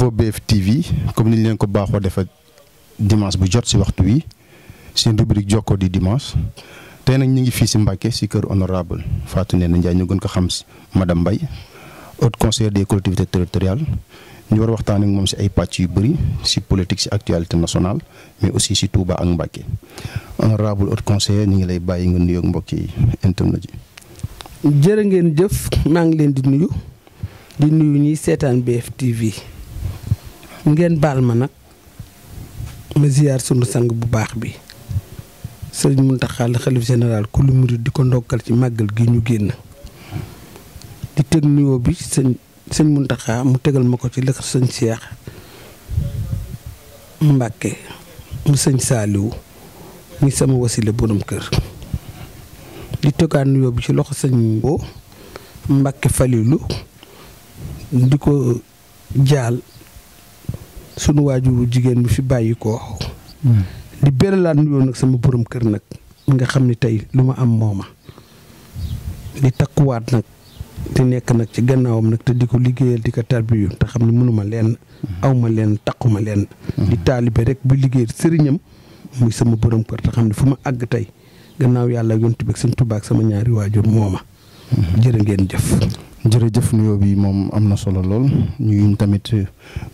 OBF TV comme niñ leen ko baaxoo defee dimanche bu jot si waxtu wi seen rubrique jokkoo di dimanche tey nag ñu ngi fii si Mbacke si kër honorable Fatou Néné Ndiaye ñu gën ko xam madame Mbaye haute conseillère des collectivités territoriales ñu war waxtaan ak moom si ay pàcc yu bëri si politique si actualité nationale mais aussi si Touba ak Mbacke honorable haute conseillère ñu ngi lay bàyyi nga nuyoog mbokk yi internet yi. jërë ngeen jëf maa ngi leen di nuyu di nuyu ñuy seetaan BF TV. ngeen baal ma nag ma ziyaar sunu sang bu baax bi sëñ Muntaxa la xalif général ku lu murit di ko ndokkal ci màggal gi ñu génn di teg nuyoo bi sëñ mu tegal ma ko ci lëkkal sëñ Cheikh Mbàkke sëñ Saaliwu muy sama wasile borom kër di tegaat nuyoo bi ci loxo sëñ Mbàkke Falilu di ko jaal sunu waju jigen bi fi bayiko ko hmm. di beralaat nuyo nak sama borom keur nak nga xamni tay luma am moma di takuat nak di nek nak ci gannaawam nak te diko liggeyal diko di tarbiyu ta xamni munuma len hmm. awma len takuma len hmm. di talibe rek bu liggey serignam muy sama borom keur ta xamni fuma ag tay gannaaw yalla yontu beeg sëñ Tuubaa ak sama ñaari waajur moma jërë ngeen jëf jërëjëf nuyoo bi moom am na solo lool ñun tamit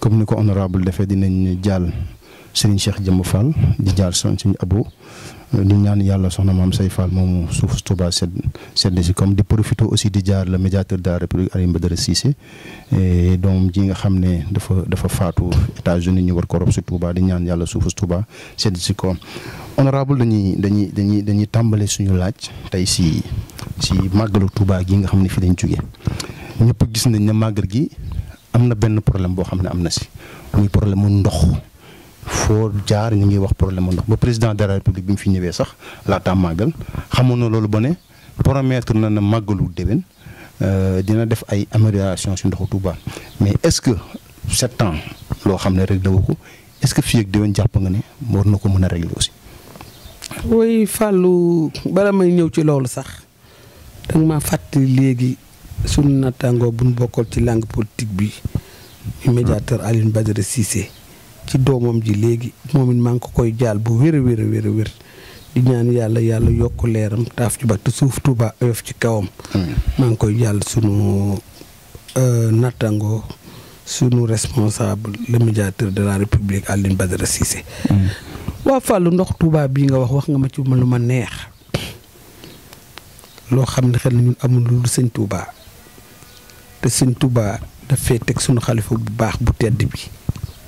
comme ni ko honorable defee dinañ jàll Serigne Cheikh Jëmb Fall di jàll son suñu abo di ñaan yàlla soxna maam say Fall moomu suuf Touba sedd sedd si comme di profité aussi di jaar le médiateur de la République Alioune Badara Cissé doom nga xam ne dafa dafa faatu États-Unis ñu war ko rob si Touba di ñaan yàlla suuf Touba sedd si ko honorable dañuy dañuy dañuy dañuy tàmbale suñu laaj tey si si màggalu Touba gi nga xam ne fi lañ jógee ñëpp gis nañ ne màggal gi am na benn problème boo xam ne am na si muy problème mu ndox foo jaar ñu ngi wax problème mu ndox ba président de la république bi mu fi ñëwee sax laataa màggal xamoon na loolu ba ne promettre na na màggalu déwén euh, dina def ay amélioration si ndoxu Touba mais est-ce que sept ans loo xam ne réglé wu ko est-ce que fii ak déwén jàpp nga n war na ko mën a réglé aussi. woy fàllu bala may ñëw ci loolu sax danga ma fàttali léegi sunu nattangoo buñ bokkool ci langue politique bi ñu médiateur hmm. Alioune Badara Cissé ci doomam ji léegi moom it maa ngi ko koy jaal bu wér a wér a di ñaan yàlla yàlla yokk leeram taaf ci ba te suuf tuuba oyof ci kawam maa ngi koy jàll sunu euh, nattangoo sunu responsable le médiateur de la république Alioune Badara Cissé hmm. waa fàllu ndox Touba bii nga wax wax nga ma ci ma lu ma neex loo xam ne xel na ñun amul lu sëñ Touba te sëñ Touba daf teg sunu xalifa bu baax bu tedd bi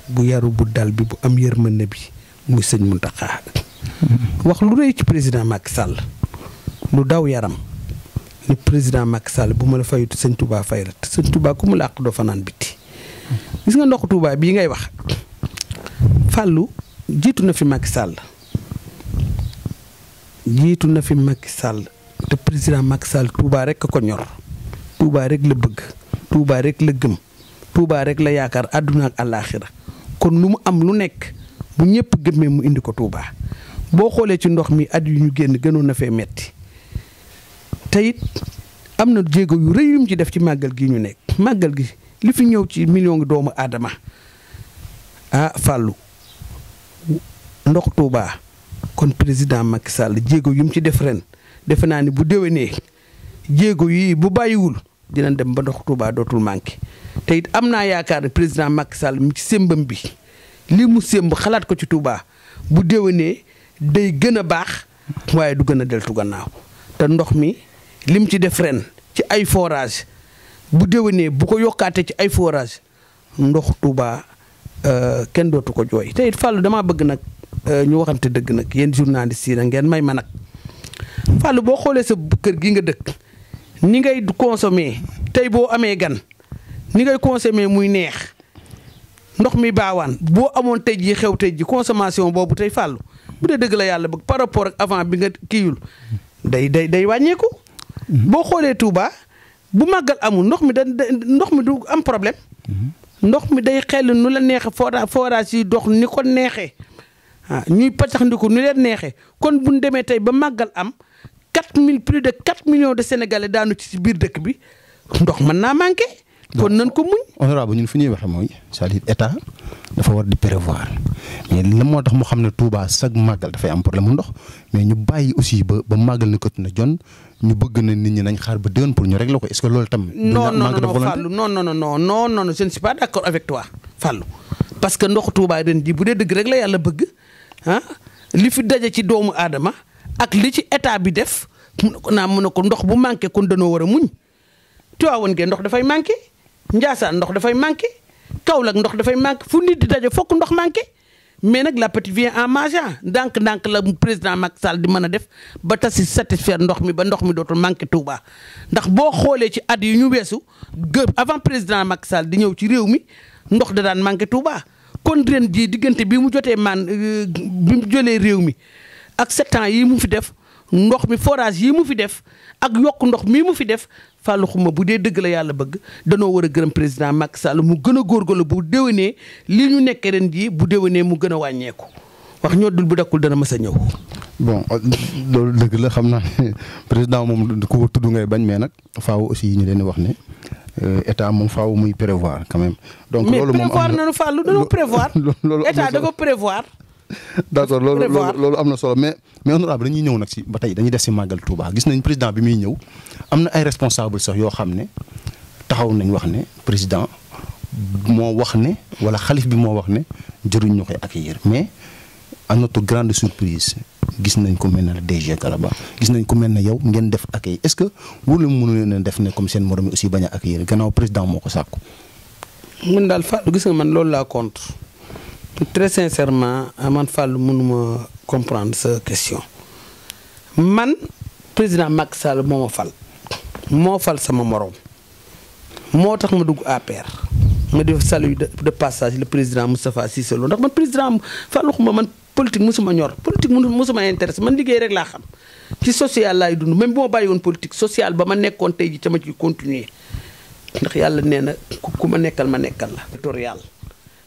bu yaru bu dal bi bu am yërmande bi muy sëñ mu Mountakha wax lu rëy ci président Macky sàll lu daw yaram ni président Macky Sall bu ma la fayut sëñ Touba fay la te sëñ Touba ku mu la àq doo fanaan bitti gis nga ndox tuubaa bii ngay wax jiitu na fi Macky sàll jiitu na fi Macky sàll te président Macky Sall Touba rek ko ñor Touba rek la bëgg Touba rek la gëm Touba rek la yaakaar àdduna ak àllaaxira kon lu mu am lu nekk bu ñëpp gëmmee mu indi ko Touba boo xoolee ci ndox mi at yu ñu génn gënoon na fee metti te it am na jéego yu rëy yum ci def ci màggal gi ñu nekk màggal gi li fi ñëw ci million doomu aadama ah fàllu ndox Touba kon président Macky Sall jéego yu mu ci def ren defe naa ni bu déwenee jéego yi bu bàyyiwul dinañ dem ba ndox Touba dootul manqué te it am naa yaakaar ne président Macky Sall mu ci sembam bi li mu sémb xalaat ko ci Touba bu déwénee day gën a baax waaye du gën a deltu gannaaw te ndox mi lim ci def ren ci ay forage bu déwénee bu ko yokkaatee ci ay forage ndox Touba Euh, kenn dootu ko jooy te it Fallou damaa bëgg nag euh, ñu waxante dëgg nag yéen journaliste yi nag ngeen may ma nag Fallou boo xoolee sa kër gi nga dëkk ni ngay consommer tey boo amee gan ni ngay consommer muy neex ndox mi baawaan boo amoon tey ji xew tey ji consommation boobu tey fàllu bu dee dëgg la yàlla bëgg par rapport ak avant bi nga kiiyul day day day wàññeeku. Mm-hmm. boo xoolee Touba bu màggal amul ndox mi da ndox mi du am problème. Mm-hmm. ndox mi day xel nu la neexe fora forage yi dox ni ko neexee ah ñuy pàccax ndiku nu leen neexee kon bu ñu demee tey ba màggal am 4 mille plus de 4 millions de sénégalais daanu ci si biir dëkk bi ndox mën naa manqué. kon nan ko muñ. honorable ñun fi ñuy waxee mooy c'est-à-dire état dafa war di prévoir mais la moo tax mu xam ne Touba chaque màggal dafay am problème mu ndox mais ñu bàyyi aussi ba ba màggal na kët na jon ñu bëgg na nit ñi nañ xaar ba déwén pour ñu régler ko est-ce que loolu tam. non non non Fallou non non non non non non je ne suis pas d'accord avec toi Fallou parce que ndoxu Touba ren ji bu dee dëgg rek la yàlla bëgg li fi daje ci doomu aadama ak li ci état bi def mun naa mun na ko ndox bu manqué kon danoo war a muñ Tiwaawoon gee ndox dafay manqué. Ndiassane ndox dafay manqué Kaolack ndox dafay manqué fu nit di daje fokk ndox manqué mais nag l'appétit vient en mangeant ndànk-ndànk la président Macky Sall di mën a def ba tasi satisfaire ndox mi ba ndox mi dootul manqué Touba ndax boo xoolee ci at yi ñu weesu gë avant président Macky Sall di ñëw ci réew mi ndox dadaan daan manqué Touba kon ren jii diggante bi mu jotee man euh, bi mu jolee réew mi ak sept ans yi mu fi def ndox mi forage yi mu fi def ak yokk ndox mii mu fi def Fallou Xuma bu dee dëgg la yàlla bëgg danoo war a gërëm président Macky Sall mu gën a góor góorgóorlu bu déwénee li ñu nekk ren jii bu déwénee mu gën a wàññeeku wax ñoo dul bu dakkul dana mës a ñëw. bon euh, loolu dëgg la xam naa ne président moom ku ko tudd ngay bañ mais nag faaw aussi ñu leen di wax ne. Euh, état moom faaw muy prévoir quand donc loolu moom mais prévoir nañu Fallou dañoo prévoir. état da prévoir. d'accord loolu loolu am na solo mais mais honorable dañuy ñëw nag si ba tey dañuy def si màggal Touba gis nañ président bi muy ñëw am na ay responsable sax yoo xam ne taxaw nañ wax ne président moo wax ne wala xalif bi moo wax ne jëruñ ñu koy accueillir mais à notre grande surprise gis nañ ko mel ne DG Kalaba gis nañ ko mel ne yow ngeen def accueil est-ce que wala mënu leen def ne comme seen morom yi aussi bañ a accueillir gannaaw président moo ko sàkku. très sincèrement man Fall mënuma comprendre sa question man président Macky Sall moo ma fal moo fal sama moroom moo tax ma dugg APR ma def salut de passage le président Moustapha Cissé Lo ndax man président Fall waxuma man politique mosuma ñor politique mosuma intéressé man liggéey rek laa xam ci social laay dund même bu ma bàyyi woon politique sociale ba ma nekkoon tey ji ca ma ciy continuer ndax yàlla nee na ku ma nekkal ma nekkal la territorial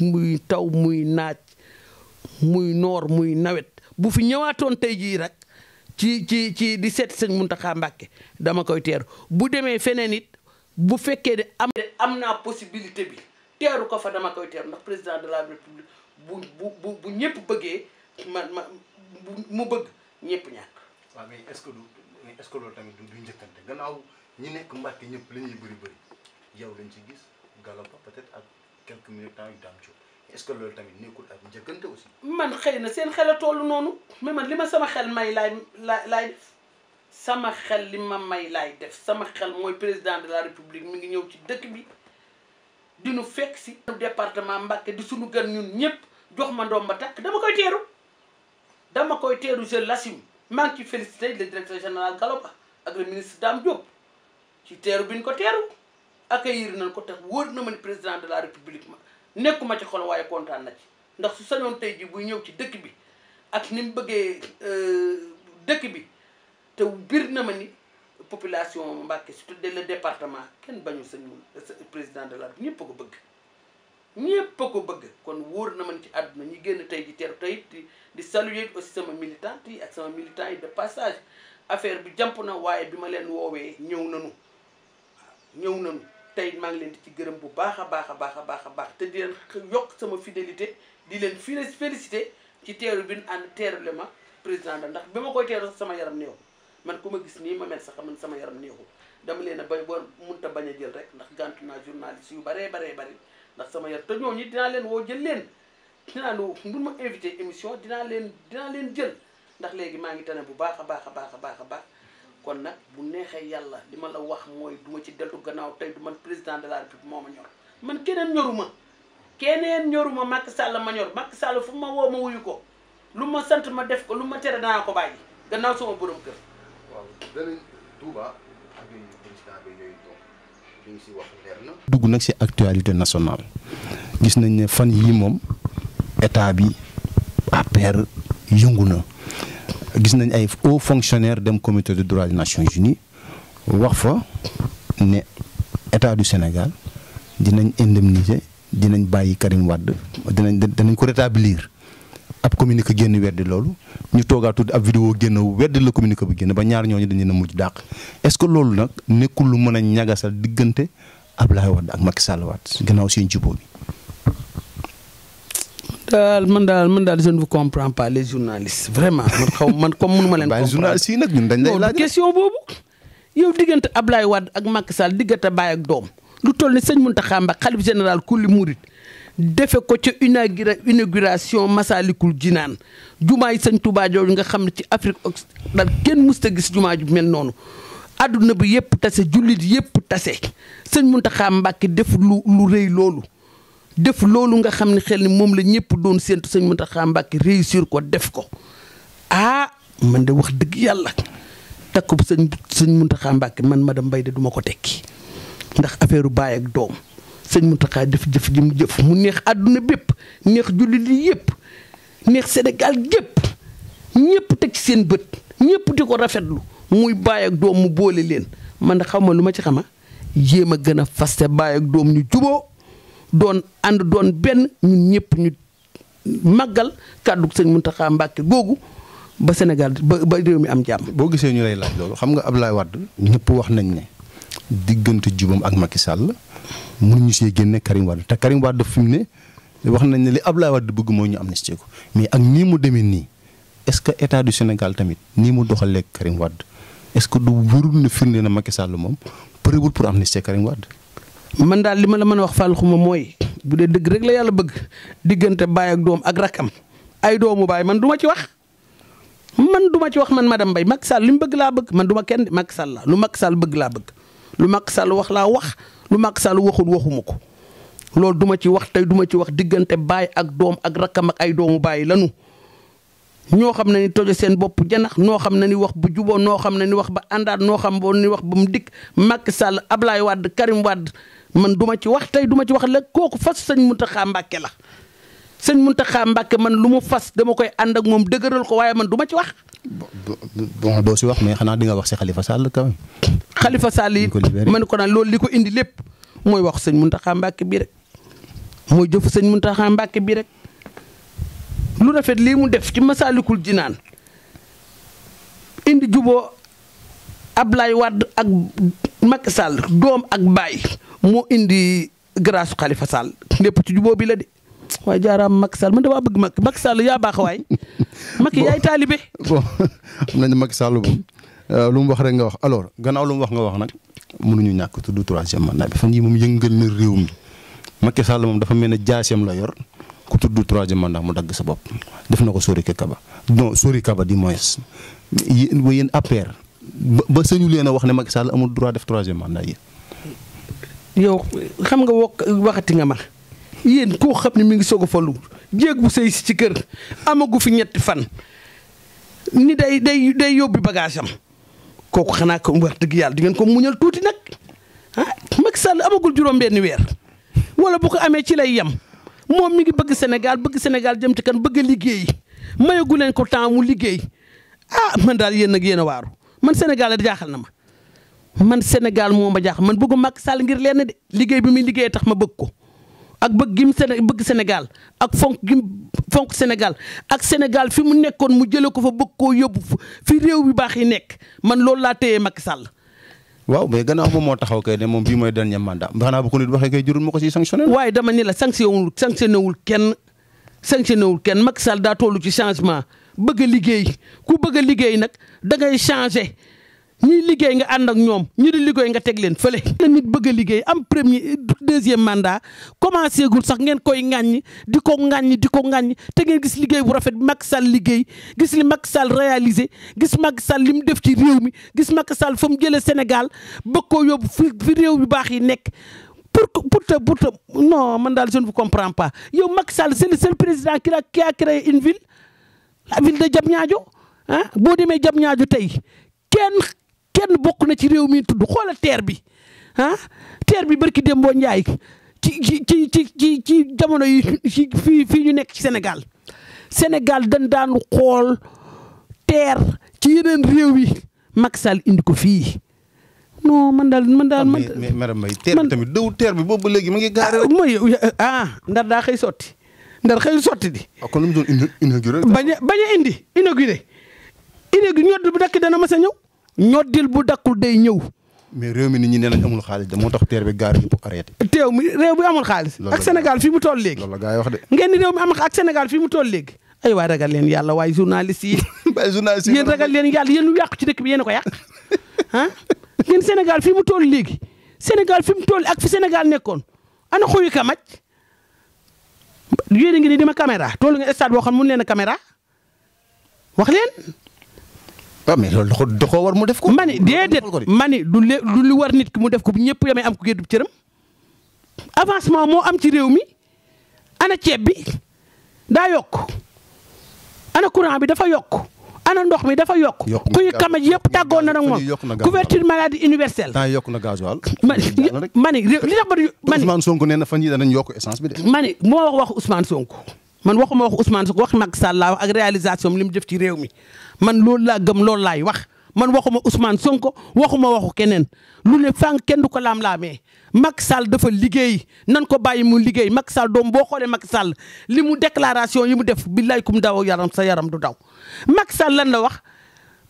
muy taw muy naaj muy noor muy nawet bu fi ñëwaatoon tey jii rek ci ci ci di seet sëñ Muntaxa Mbàkke dama koy teeru bu demee feneen it bu fekkee ne am am naa possibilité bi teeru ko fa dama koy teeru ndax président de la république bu bu bu ñëpp bëggee ma ma mu bëgg ñëpp ñàkk. waaw mais est-ce que du est-ce gannaaw ñi nekk Mbàkke ñëpp la bëri bëri yow lañ ci gis quelques minutes ce que loolu tamit nekkul ak njëkkante aussi. man xëy na seen xel a toolu noonu mais man li ma sama xel may laay la laay sama xel li ma may laay def sama xel mooy président de la république mi ngi ñëw ci dëkk bi dinu fekk si. département Mbacké di suñu gën ñun ñëpp jox ma ndoom ba takk dama koy teeru dama koy teeru je l'assume maa ngi ciy félicité le directeur général Galoba ak le ministre Dame Diop ci teeru bi ñu ko teeru. accueillir nañ ko tax wóor na ma ni président de la république ma nekkuma ci xol waaye kontaan na ci ndax su sañoon tey ji buy ñëw ci dëkk bi ak ni mu bëggee euh, dëkk bi te bir na ma ni population Mbàkke surtout de le département kenn bañu sañu président de la république ñëpp ko bëgg ñëpp a ko bëgg kon wóor na man ci àdduna ñi génn tey ji teeru tey di saluer aussi sama militant yi ak sama militant yi de passage affaire bi jàmp na waaye bi ma leen woowee ñëw nanu waaw ñëw tey maa ngi leen di ci gërëm bu baax a baax a baax a baax a baax te di leen yokk sama fidélité di leen félicité ci teeru bi ñu ànd teerule ma président da ndax bi ma koy teeru sax sama yaram man ku ma gis nii ma mel sax man sama yaram néewu dama leen a bañ boo munta bañ a jël rek ndax gàntu naa journaliste yu baree baree bari ndax sama yaram te ñooñu dinaa leen woo jël leen dinaa lu mun ma invité émission dinaa leen dinaa leen jël ndax léegi maa ngi tane bu baax a baax a baax a baax a baax kon nag bu neexee yàlla li ma la wax mooy duma ci deltu gannaaw tey du man président de la république moo ma ñor man keneen ñoruma keneen ñoruma Macky Sall ma ñor Macky Sall fu ma woo wuyu ko lu ma sant ma def ko lu ma tere danaa ko bàyyi gannaaw sama borom kër. ngi si wax leer na. dugg nag si actualité national gis nañ ne fan yii moom état bi APR yëngu na. gis nañ ay hauts fonctionnaires dem comité de droit des nations unies wax fa ne état du Sénégal dinañ indemniser dinañ bàyyi Karim Wade dinañ danañ ko rétablir ab communiqué génn weddi loolu ñu toogaa tudd ab vidéo génn weddi la communiqué bi génn ba ñaar ñooñu dañu na mujj dàq est ce que loolu nag nekkul lu mën a ñagasal diggante Ablaye Wade ak Macky Sall waat gannaaw seen jubóo bi. daal man daal man daal je ne vous comprends le les journalistes vraiment man xaw man comme mënuma leen. comprendre journalistes yi nag ñun dañ lay laaj question boobu. yow diggante Ablaye Wade ak Macky Sall diggante baay ak doom lu toll ni sëñ Mountakha Mbacké xalif général kulli murit defe ko ca inaugura inauguration Masalikul Jinaan jumaa yi sëñ Touba jooju nga xam ne ci Afrique occidentale kenn mës ta gis jumaa ju mel noonu. àdduna bi yëpp tase jullit yëpp tase sëñ Mountakha Mbacké def lu lu rëy loolu. def loolu nga xam ne xel ni moom la ñëpp doon séentu sëñ a Mbacké réussir ko def ko ah man de wax dëgg yàlla takku sëñ sëñ Mountakha Mbacké man ma madame Mbaye de duma ko tekki ndax affaire baay ak doom sëñ Mountakha def jëf ji mu jëf mu neex àdduna bépp neex jullit yi yëpp neex Sénégal gépp ñëpp teg ci seen bët ñëpp di ko rafetlu muy baay ak doom mu boole leen man de xaw ma lu ma ci xama yéem a gën a faste baay ak doom ñu juboo doon ànd doon benn ñun ñëpp ñu maggal kàddu sëñ Muntaxa Mbàkke googu ba Sénégal ba ba réew mi am jàmm. boo gisee ñu lay laaj loolu xam nga Abdoulaye Wade ñëpp wax nañ ne diggante jubam ak Macky Sall mënuñu see génne Karim Wade te Karim Wade ne wax nañ ne li Abdoulaye wadd bëgg mooy ñu amnistie ko mais ak nii mu demee nii est-ce que état du Sénégal tamit nii mu doxalee Karim Wade est-ce que du wóorul na firnde na Macky Sall moom pareewul pour amnistie Karim Wade. man daal li ma la mën a wax Fallou Xuma mooy bu dee dëgg rek la yàlla bëgg diggante baay ak doom ak rakam ay doomu baay man duma ci wax. man duma ci wax man madame Mbaye Macky Sall li mu bëgg laa bëgg man duma kenn Macky Sall la lu Macky Sall bëgg laa bëgg lu Macky sàll wax laa wax lu Macky waxul waxuma ko. loolu duma ci wax tey duma ci wax diggante baay ak doom ak rakkam ak ay doomu baay lanu ñoo xam ne ni tojo seen bopp janax noo xam ne ni wax bu juboo noo xam ne ni wax ba àndaat noo xam boo ni wax bu mu dikk Macky sàll Ablaye Wade Karim man duma ci wax tey duma ci wax la kooku fas sëñ Muntaxa Mbàkke la sëñ Muntaxa Mbàkke man lu mu fas dama koy ànd ak moom dëgëral ko waaye man duma ci wax. bon doo si wax mais xanaa di nga wax si xalifa Sall quand même. Khalifa Sall yi man ko naan loolu li ko indi lépp mooy wax sëñ Muntaxa Mbàkke bi rek mooy jëf sëñ Muntaxa Mbàkke bi rek lu rafet lii mu def ci Masaalikul Jinaan indi juboo ablay wad ak Macky Sall doom ak bay mo indi grâce Khalifa Sall nepp ci jubóo bi la di way jaram Macky Sall man damaa bëgg Macky Macky Sall yaa baax waay Macky yaay talibé bon xam nañ ne Macky Sall moom euh, lu mu wax rek nga wax alors gannaaw lu mu wax nga wax nag mënuñu ñàkk tudd troisième mandat bi fan yii moom yëngal na réew mi Macky Sall dafa melni ne la yor ku tudd troisième mandat mu dagg sa bop def nako Sori Kaba non Sori Kaba di moins yeen wayen APR ba señu leena wax ne Macky Sall amul droit def 3e mandat yi. yow xam nga waxati nga ma yeen ko xamni mi ngi sogo fallu falu bu sey ci kër amagu fi ñetti fan ni day day day yóbbi bagage am koku xana ko wax deug yalla di ngeen ko muñal tuti nak ah, Macky Sall amagul juroom ben weer wala bu ko amé ci lay yam mom mi ngi bëgg Sénégal bëgg Sénégal jëm ci kan bëgg liggéey mayagu len ko temps mu liggéey ah man dal yeen nag yeen waru man Sénégal da jaaxal na ma man Sénégal moo ma jaaxal man bëgg Macky Sall ngir lenn de liggéey bi muy liggéey tax ma bëgg ko ak bëgg gim Séné bëgg Sénégal ak fonk gim fonk Sénégal ak Sénégal fi mu nekkoon mu jëlee ko fa bëgg koo yóbbu fi réew bi baax yi nekk man loolu laa téye Macky Sall. waaw mais gannaaw moom moo taxaw kay ne moom bii mooy dernier mandat xanaa bu ko nit waxee kay jurul ma ko siy sanctionné. waaye dama ni la sanctionné wul sanctionné wul kenn sanctionné wul kenn Macky Sall daa toll ci changement. bëgg liggéey ku bëgg a liggéey nag dangay changé ñiy liggéey nga ànd ak ñoom ñu di liggéey nga teg leen fële. la nit bëgg liggéey am premier deuxième manda commencé gul sax ngeen koy ŋàññi di ko ŋàññi di ko ŋàññi te ngeen gis liggéey bu rafet bi Macky Sall liggéey gis li Macky Sall réalisé gis Macky sal li mu def ci réew mi gis Macky sal fa mu jëlee Sénégal bëgg koo yóbbu fi fi réew yu baax yi nekk. pour pour te pour te non man daal je ne vous comprends pas yow Macky Sall président qui a qui une ville. la ville de Diamniadio ah boo demee ñaajo tey kenn kenn bokk na ci réew mi tudd xoola teer bi ah teer bi barki Dembo Ndiaye ci ci ci ci ci jamono yi ci fii fii ñu nekk ci Sénégal Sénégal dañ daan xool teer ci yeneen réew yi Macky Sall indi ko fii non man daal man daal ah, man. mais mais madame Mbaye teer tamit dëw teer bi boobu léegi mu ngi gaare. ah, ah, ah ndar daa xëy sotti. ndar xëyul sotti di. waaw ah, kon lu mu doon inauguré. bañ a bañ ñoddil bu dakk dana mas a ñëw. ñoddil bu dakkul day ñëw. mais réew mi ni ñi ne nañ amul xaalis de moo tax teer bi gaar yëpp arrêté. teew mi réew bi amul xaalis. ak Sénégal fi mu toll léegi. loolu la gars yi wax de. ngeen ni réew mi ak Sénégal fi mu toll léegi. ay waay leen yàlla waaye journaliste yi. waaye journaliste yi ragal leen yàlla yéen lu yàqu ci dëkk bi yéen ko yàq ah. ngeen fi mu toll léegi senegal fi mu toll ak fi senegal nekkoon ana xuyu ka maj yéen a ngi di ma caméra toolu nga stade boo xam ne mun leen a caméra wax leen. waaw ah, mais loolu da war mu def ko. ma ni déedéet ma ni du lu war nit ki mu def ko bu ñëpp damay am ku géddub cëram avancement moo am ci réew mi ana ceeb bi daa yokk ana courant bi dafa yokk. ana ndox mi dafa yokk kuy kamaj yëpp tàggoon na nag moom couverture maladie universelle temps yokk na gasoil ma ni li tax ba du ma ni Ousmane Sonko nee na fan yii danañ yokk essence bi de ma ni moo wax wax Ousmane Sonko man waxuma wax Ousmane Sonko wax Macky Sall laa wax li mu def ci réew mi man loolu laa gëm loolu laay wax man waxuma Ousmane Sonko waxuma waxu keneen lu ne fànn kenn du ko laam-laamee Macky Sall dafa liggéey nan ko bàyyi mu liggéey Macky Sall doom boo xoolee Macky Sall li mu déclaration yi mu def billaay kum daw yaram sa yaram du daw Macky Sall lan la wax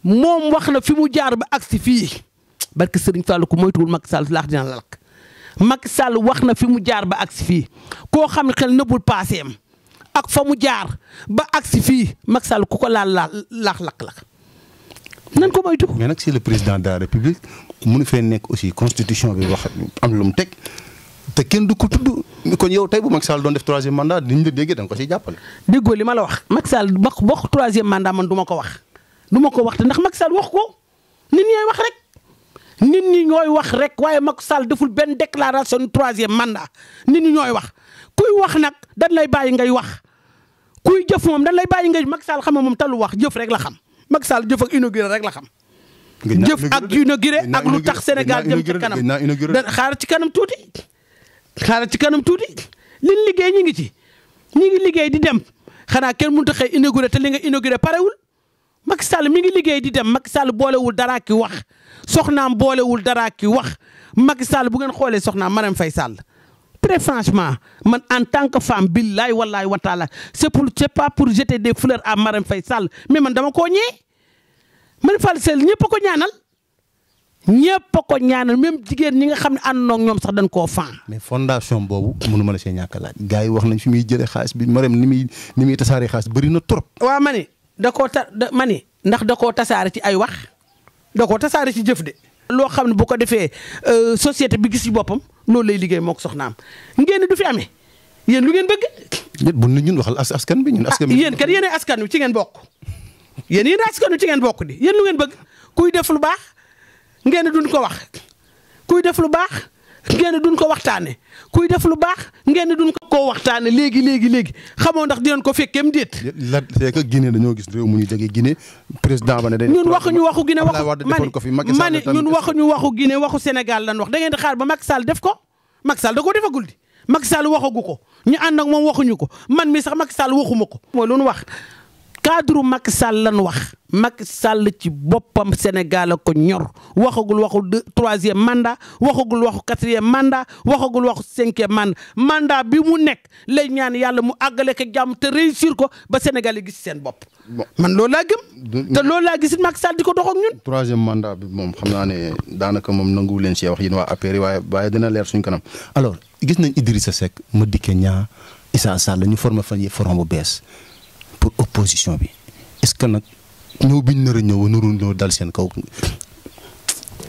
moom wax na fi mu jaar ba agsi fii barke Serigne Fallou ku moytuwul Macky Sall laax dina la lakk Macky Sall wax na fi mu jaar ba agsi fii koo xam ne xel nëbbul paaseem ak fa mu jaar ba agsi fii Macky Sall ku ko laal laax lakk lakk nan ko moytu. mais nak c'est le président de la république mënu fe nek aussi constitution bi wax am lu tek te ken du ko tudd kon yow tay bu Macky Sall doon def 3e mandat ni ñu la déggee da ko ci jappal déggoo li mala wax Macky Sall bokk 3e mandat man du ko wax du ko wax te ndax Macky Sall wax ko nit ñay wax rek. nit ñi ñoy wax rek waye Macky Sall deful ben déclaration 3e mandat nit ñi ñoy wax kuy wax nak dañ lay bayyi ngay wax kuy jëf mom dañ lay bayyi ngay Macky Sall xam moom talu wax jëf rek la xam. Macky Sall jëf ak inauguré rek la xam. jëf ak inauguré ak lu tax Sénégal jëm ci kanam xaar ci kanam tuuti. xaar ci kanam tuuti li ñu liggéey ñu ngi ci ñu ngi liggéey di dem xanaa kenn mënut a xëy te li nga inauguré parewul Macky Sall mi ngi liggéey di dem Macky Sall boolewul daraa ki wax soxnaam boolewul dara ki wax Macky Sall bu ngeen xoolee soxnaam Marème Faye Sall très franchement man en tant que femme billaay wallaay wa taala c'est pour c'est pas pour jeter des fleurs à Marème Faye Sall mais man dama koo ñee Marème Faye Sall ñëpp ko ñaanal ñëpp a ko ñaanal même jigéen ñi nga xam ne ànd noog ñoom sax dan koo fan mais fondation boobu mënuma la see ñàkk laaj gars yi wax nañ fi muy jëlee xaalis bi Marème ni muy ni muy tasaaree xaalis bëri na trop. waa ma ne da koo ta ma ndax da koo tasaare ci ay wax da tasaare ci jëf de. loo xam ne bu ko defee euh, société bi gis ci boppam loolu lay liggéey moo ko soxnaam ngeen du fi amee yéen lu ngeen bëgg. bu bu ñun waxal askan bi ñun. Ah, askan bi yéen kat yéenay askan wi ci ngeen bokk yéen yéen askan wi ci ngeen bokk di yenn lu ngeen bëgg kuy def lu baax ngeen duñ ko wax kuy def lu baax. ngeen duñ ko waxtaane kuy def lu baax ngeen duñ ko koo waxtaane léegi léegi léegi xamoo ndax dinañ ko fekkeem déet. la c'est que Guinée dañoo gis réew mu ñu jógee Guinée président ba ne day. ñun waxuñu waxu Guinée waxu mani mani ñun waxuñu waxu Guinée waxu Sénégal lan wax da ngeen xaar ba Macky Sall def ko Macky Sall da ko defagul di Macky Sall waxagu ko ñu ànd ak moom waxuñu ko man mi sax Macky Sall waxuma ko mooy lu wax. cadre Macky Sall lan wax Macky Sall ci boppam Sénégal a ko ñor waxagul waxu de troisième mandat waxagul waxu quatrième mandat waxagul waxu cinquième bi mu nekk lay ñaan yàlla mu àggale ko jàmm te réussir ko ba Sénégal yi gis seen bopp. man loolu laa gëm. te loolu laa gisit Macky Sall di ko dox ak ñun. troisième mandat bi moom xam naa ne daanaka moom nanguwu leen si wax yéen waa APR waaye waaye dina leer suñ kanam. alors gis nañ Idrissa Seck ma dikkee ñaa Issa Sall ñu formé fan yi forum bu bees. pour opposition bi est-ce que nag ñëw biñ nar a ñëw nuru ñëw dal seen kaw.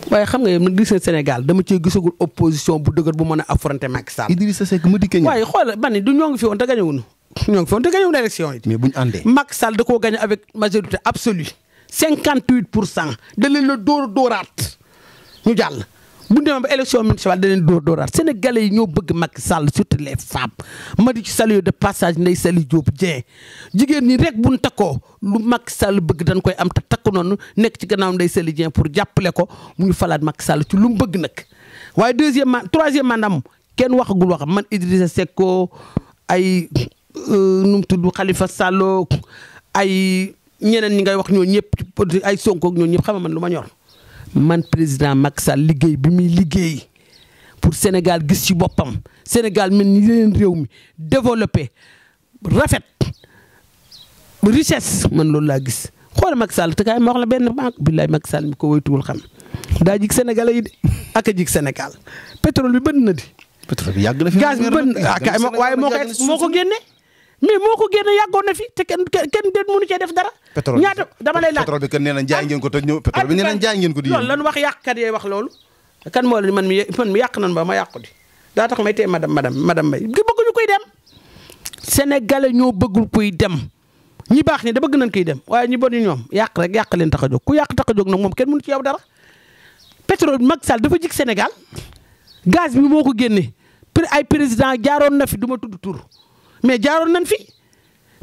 waaye xam nga man gis na Sénégal dama cee gisagul opposition bu dëgër bu mën a affronter Macky sa Idrissa Seck ma dikkee waaye xool ban du ñoo ngi fi woon te gañe wuñu ñoo ngi fi woon te gañe wuñu élection yi. mais buñ àndee. Macky Sall da koo gañe avec majorité absolue 58 pour cent da leen la dóor dóoraat ñu jàll. bu demee ba élection municipale daneen dóor dóoraat sénégalais yi ñoo bëgg Macky Sall surtout les femmes ma di ci saluer de passage Ndeye Saly Diop Dieng jigéen ñi rek buñ takkoo lu Macky Sall bëgg dañ koy am te takku noonu nekk ci gannaaw Ndeye Saly Dieng pour jàppale ko mu ñu falaat Macky Sall ci lu mu bëgg nag waaye deuxième man troisième mandat kenn waxagul wax man Idrissa Seck ko ay euh, nu mu tudd Khalifa Sall ay ñeneen ñi ngay wax ñoo ñëpp ay sonkook ñoo ñëpp xam nga man lu ma ñor man président Macky Sall liggéey bi muy liggéey pour Sénégal gis ci boppam Sénégal mel ni leen réew mi développé rafet richesse man loolu laa gis xool Macky Sall te kaay ma la benn banque billaay Macky Sall mi ko woytuwul xam daa jig Sénégalais yi de ak jig Sénégal pétrole bi bënn na di. pétrole bi yàgg na ah, waaye moo ko ko génne. mais moo ko génne yàggoon na fi te kenn kenn déet mënu cee def dara. pétrole ñaata dama lay laaj pétrole bi kenn nee na jaay ngeen ko toj ñëw pétrole bi nee na jaay ma yàqu di daa tax may tey madame madame madame dem. ñi baax ni da bëgg nañ koy dem waaye ñi bon ñoom yàq rek yàq leen tax a ku yàq tax a jóg moom kenn mënu ci yow dara. pétrole bi dafa jik Sénégal gaz bi moo ko génne ay président jaaroon na fi du ma tudd tur mais jaaroon nañ fi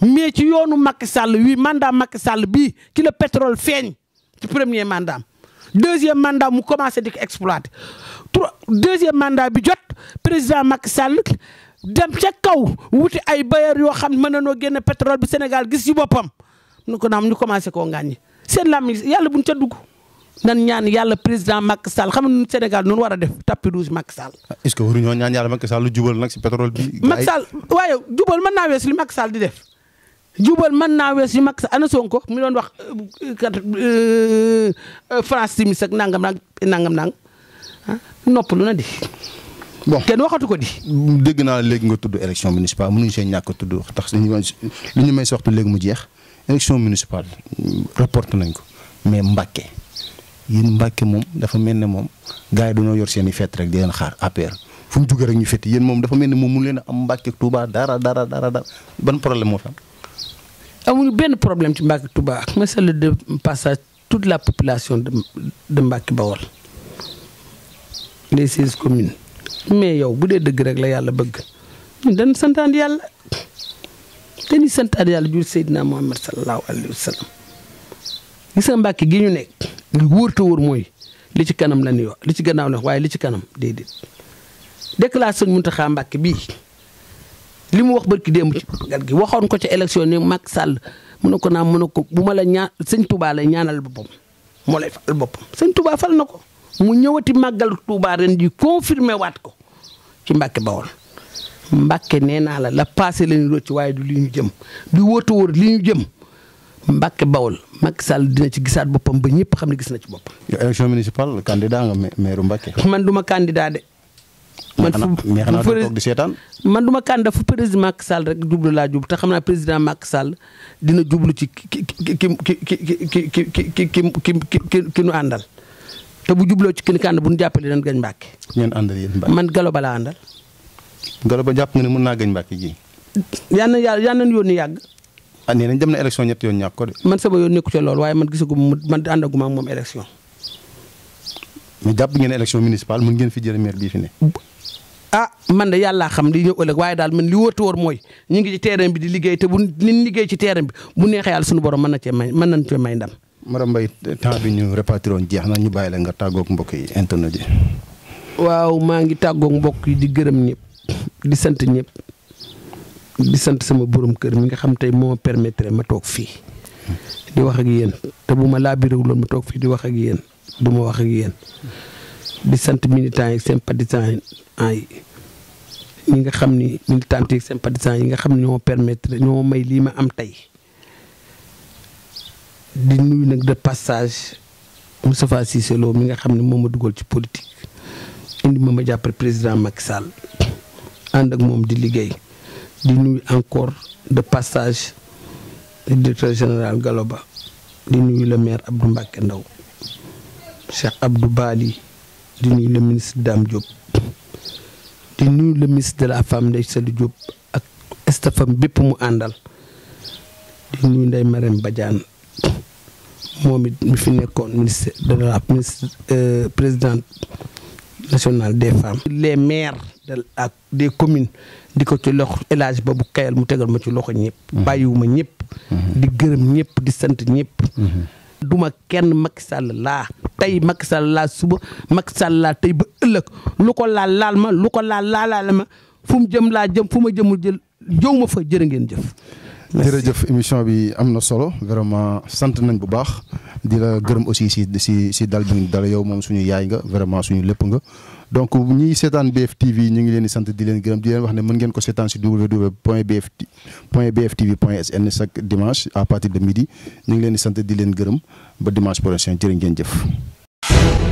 mais ci yoonu Macky Sall wi mandat Macky Sall bi ci pétrole feeñ ci premier mandat deuxième mandat mu commencé di ko exploiter trois deuxième mandat bi jot président Macky Sall dem ca kaw wuti ay bailleur yoo xam mën nanoo génne pétrole bi Sénégal gis ci boppam nu ko naam ñu commencé koo ngàññi seen làmmiñ yàlla buñ ca dugg nan ñaan yàlla président Macky Sall xam nga Sénégal noonu war a def tapis rouge Macky Sall. est-ce que a ñaan yàlla Macky Sall lu jubal nag si pétrole bi. Macky Sall waaye jubal mën naa wees li Macky Sall di def. jubal man naa wees li Macky Sall ana Sonko mu doon wax euh, euh, France si ak nangam nang nangam nang ah noppalu na di. bon kenn waxatu ko di. dégg naa léegi nga tudd élection municipale mu see ñàkk a tudd tax li ñu may si waxtu léegi mu jeex élection municipale reporté nañ ko mais Mbacké. yéen Mbàkke moom dafa mel ni moom gars yi dañoo yor seen i fett rek di leen xaar APR fu mu jógee rek ñu fett yéen moom dafa mel ne moom mu leen am Mbàkke Touba dara dara dara dara ban problème moo fa am. amuñu benn problème ci Mbàkke Touba ak masala de passage toute la population de de Mbàkke Bawol les seize communes mais yow bu dee dëgg rek la yàlla bëgg ñun dañu santaan yàlla dañuy santaan yàlla jur Seydina Mohamed sallallahu alayhi wa gis nga gi ñu nekk li wóor wóor mooy li ci kanam la ñuy wax li ci gannaaw la waaye li ci kanam déedéet déclaration Mountakha Mbacké bii li mu wax barki démb ci gal gi waxoon ko ci élection ni Macky mu ne ko naa mu ne ko bu ma la sëñ Touba ñaanal boppam moo lay fal boppam na ko mu ñëwati màggal Touba ren ji confirmé ko ci Mbacké Bawol Mbacké nee naa la la passé la ñu rocc waaye du li ñu jëm du wóotu wóor li ñu jëm Mbàkke Bawol Macky Sall dina ci gisaat boppam ba ñëpp xam ne gis na ci boppam. yow élection municipale candidat nga ru Mbàkke. man du ma candidat de. man fu mais xanaa toog di du ma candidat fu président makk Sall rek jublu laa jublu te xam naa président makk Sall dina jublu ci ki ki ki ki ki ki ki ki nu àndal. te bu jubloo ci kenn kànd bu nu jàppale dañu gañ Mbàkke. ñeen àndal yéen Mbàkke man Galo Ba laa àndal. Galo Ba jàpp nga ne mën naa gañ Mbàkke ji. yal na yàlla yónni yàgg. ah nee nañ na élection ñett yoon ñàkk ko de. man sama yoon nekku ca loolu waaye man gisagu ma man àndaguma ak moom élection. ñu jàpp ngeen élection municipale mën ngeen fi jël maire bii fi ne. ah man yàlla yàllaa xam li ñëw ëllëg waaye daal man li wóotu woor mooy ñu ngi ci terrain bi di liggéey te bu ñu liggéey ci terrain bi bu neexee yàlla suñu borom mën na cee may mën nañ cee may ndam. madame Mbaye temps bi ñu répartir woon jeex na ñu bàyyi la nga tàggook mbokk yi internet yi. waaw maa ngi tàggoog mbokk yi di gërëm ñëpp di sant ñëpp di sant sama borom kër mi nga xam tey moo ma permettre ma toog fii di wax ak yéen te bu ma laabirawuloon ma toog fii di wax ak yéen du ma wax ak yéen di sant militants yi sympathisants yi ñi nga xam ni militants yi sympathisants yi nga xam ni ñoo permettre ñoo may lii ma am tey di nuyu nag de passage Moustapha Cissé Lo mi nga xam ne moom ma dugal ci politique indi ma ma jàppale président Macky Sall ànd ak moom di liggéey. di encore de passage le directeur général Galoba di nuyu le maire Abdou Ndaw Cheikh Abdou Bali di le ministre Dame Diop di le ministre de la femme Femme de Diop ak de la mu àndal di nuyu de Marème Badiane mi fi ministre de la ministre euh, présidente nationale des femmes. les maires de ak des communes di ko ci lox élage ba bu kayal mu tegal ma ci loxo ñëpp. Mhm. bàyyiwuma ñëpp. Mhm. di gërëm ñëpp di sant ñëpp. Mhm. duma kenn Macky Sall laa tey Macky Sall laa suba Macky Sall laa tey ba ëllëg lu ko laal laal ma lu ko laal laalaale ma fu mu jëm laa jëm fu ma jëmul jël jëw fa jërë ngeen jëf. jërëjëf émission bi am na solo vraiment sant nañ bu baax di la gërëm aussi si si si dal bi dal yow moom suñu yaay nga vraiment suñu lépp nga donc ñiy seetaan BFTV ñu ngi leen di sant di leen gërëm di leen wax ne mën ngeen ko seetaan si www point bft point bftv point sn chaque dimanche à partir de midi ñu ngi leen di sant di leen gërëm ba dimanche prochain jërë ngeen jëf.